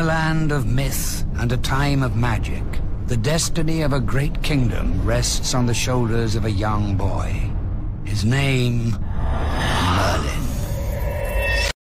a land of myth and a time of magic, the destiny of a great kingdom rests on the shoulders of a young boy. His name